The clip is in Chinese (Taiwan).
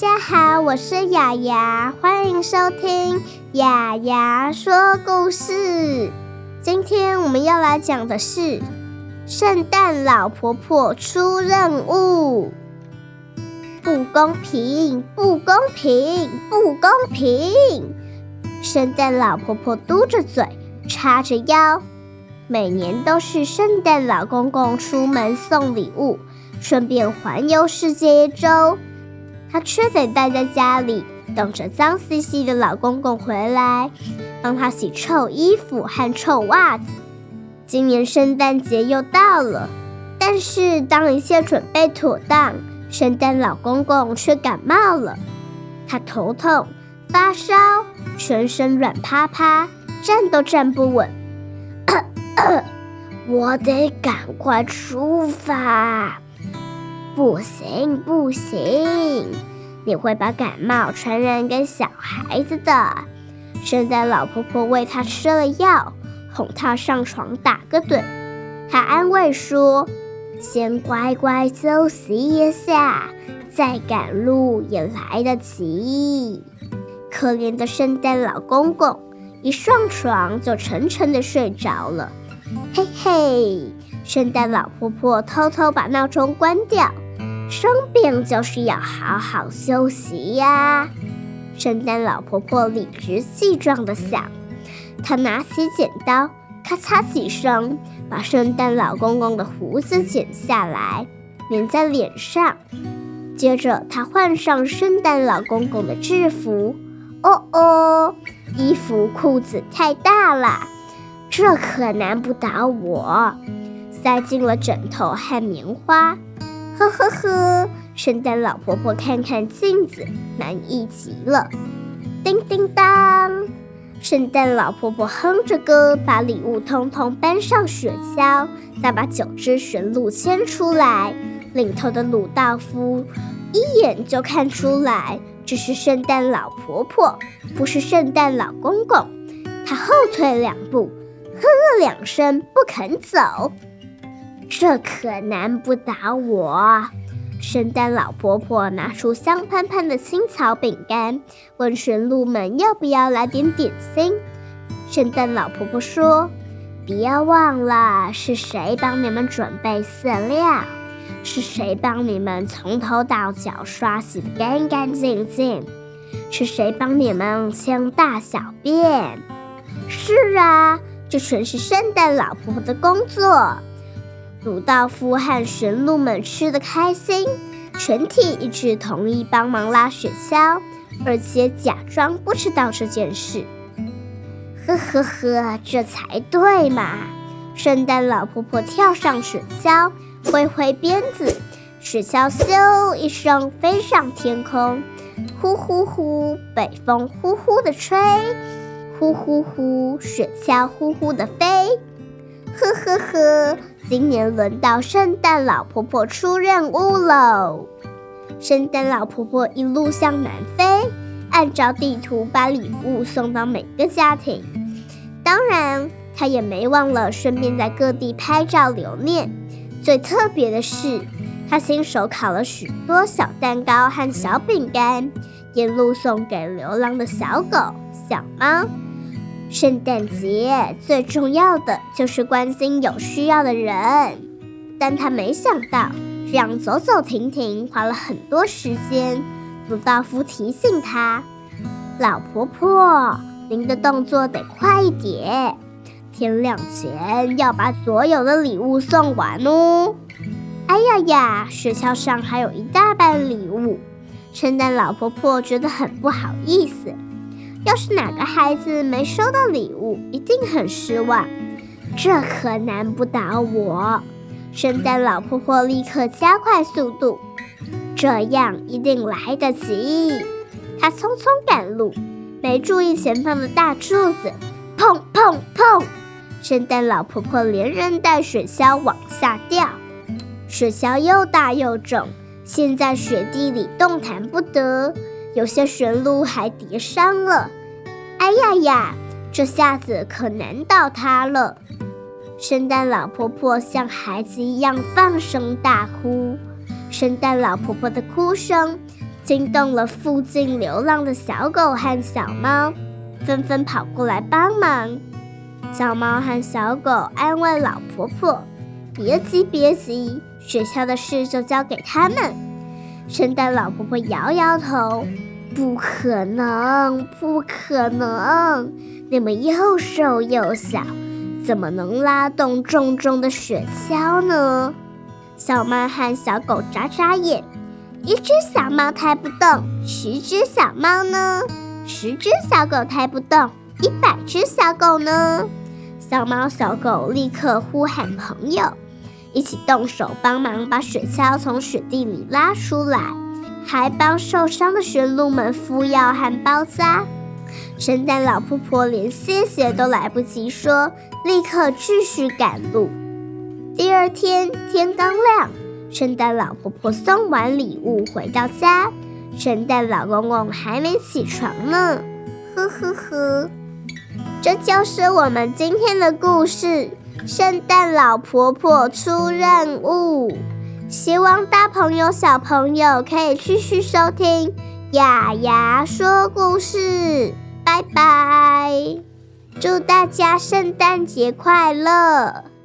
大家好，我是亞亞，歡迎收聽亞亞說故事。今天我們要來講的是聖誕老婆婆出任務。不公平，不公平，不公平！聖誕老婆婆嘟着嘴，叉着腰，每年都是聖誕老公公出門送禮物，順便環遊世界一周。她卻得待在家裡，等着髒兮兮的老公公回來，幫她洗臭衣服和臭襪子。今年聖誕節又到了，但是當一切準備妥當，聖誕老公公卻感冒了。他頭痛、發燒，全身軟趴趴，站都站不穩。咳咳，我得趕快出發。不行不行，你會把感冒傳染給小孩子的。聖誕老婆婆餵他吃了藥，哄他上床打個盹。她安慰說：“先乖乖休息一下，再趕路也來得及。”可憐的聖誕老公公一上床就沉沉地睡着了。嘿嘿，聖誕老婆婆偷偷把鬧鐘關掉。生病就是要好好休息呀！聖誕老婆婆理直氣壯地想。她拿起剪刀，咔嚓幾聲，把聖誕老公公的鬍子剪下來，粘在臉上。接着，她換上聖誕老公公的制服。哦哦，衣服褲子太大了，這可難不倒我。塞進了枕頭和棉花。呵呵呵，聖誕老婆婆看看鏡子，滿意極了。叮叮噹，聖誕老婆婆哼着歌，把禮物通通搬上雪橇，再把九隻馴鹿牽出來。領頭的魯道夫一眼就看出來，這是聖誕老婆婆，不是聖誕老公公。他後退兩步，哼了兩聲，不肯走。這可難不倒我。聖誕老婆婆拿出香噴噴的青草餅乾，問馴鹿們要不要來點點心。聖誕老婆婆說：“別忘了是誰幫你們準備飼料，是誰幫你們從頭到腳刷洗的乾乾淨淨，是誰幫你們清大小便。”是啊，這全是聖誕老婆婆的工作。魯道夫和馴鹿們吃得開心，全體一致同意幫忙拉雪橇，而且假裝不知道這件事。呵呵呵，這才對嘛！聖誕老婆婆跳上雪橇，揮揮鞭子，雪橇咻一聲飛上天空，呼呼呼，北風呼呼地吹，呼呼呼，雪橇呼呼地飛。呵呵呵。今年輪到聖誕老婆婆出任務嘍！聖誕老婆婆一路向南飛，按照地圖把禮物送到每個家庭。當然，她也沒忘了順便在各地拍照留念。最特別的是，她親手烤了許多小蛋糕和小餅乾，沿路送給流浪的小狗、小貓。聖誕節最重要的就是關心有需要的人，但她沒想到這樣走走停停，花了很多時間。魯道夫提醒她：“老婆婆，您的動作得快一點，天亮前要把所有的禮物送完哦。”哎呀呀，雪橇上還有一大半禮物，聖誕老婆婆覺得很不好意思。要是哪個孩子沒收到禮物，一定很失望。這可難不倒我。聖誕老婆婆立刻加快速度，這樣一定來得及。她匆匆趕路，沒注意前方的大柱子，砰砰砰！聖誕老婆婆連人帶雪橇往下掉，雪橇又大又重，陷在雪地裡動彈不得，有些雪路還跌傷了。哎呀呀！這下子可難倒他了。聖誕老婆婆像孩子一樣放聲大哭。聖誕老婆婆的哭聲驚動了附近流浪的小狗和小貓，紛紛跑過來幫忙。小貓和小狗安慰老婆婆：“別急，別急，雪橇的事就交給他們。”聖誕老婆婆搖搖頭。不可能，不可能！你們又瘦又小，怎麼能拉動重重的雪橇呢？小貓和小狗眨眨眼，一隻小貓抬不動，十隻小貓呢？十隻小狗抬不動，一百隻小狗呢？小貓小狗立刻呼喊朋友，一起動手幫忙把雪橇從雪地裡拉出來。還幫受傷的馴鹿們敷藥和包紮，聖誕老婆婆連謝謝都來不及說，立刻繼續趕路。第二天天剛亮，聖誕老婆婆送完禮物回到家，聖誕老公公還沒起床呢。呵呵呵，這就是我們今天的故事：聖誕老婆婆出任務。希望大朋友、小朋友可以繼續收聽亞亞說故事，拜拜！祝大家聖誕節快樂！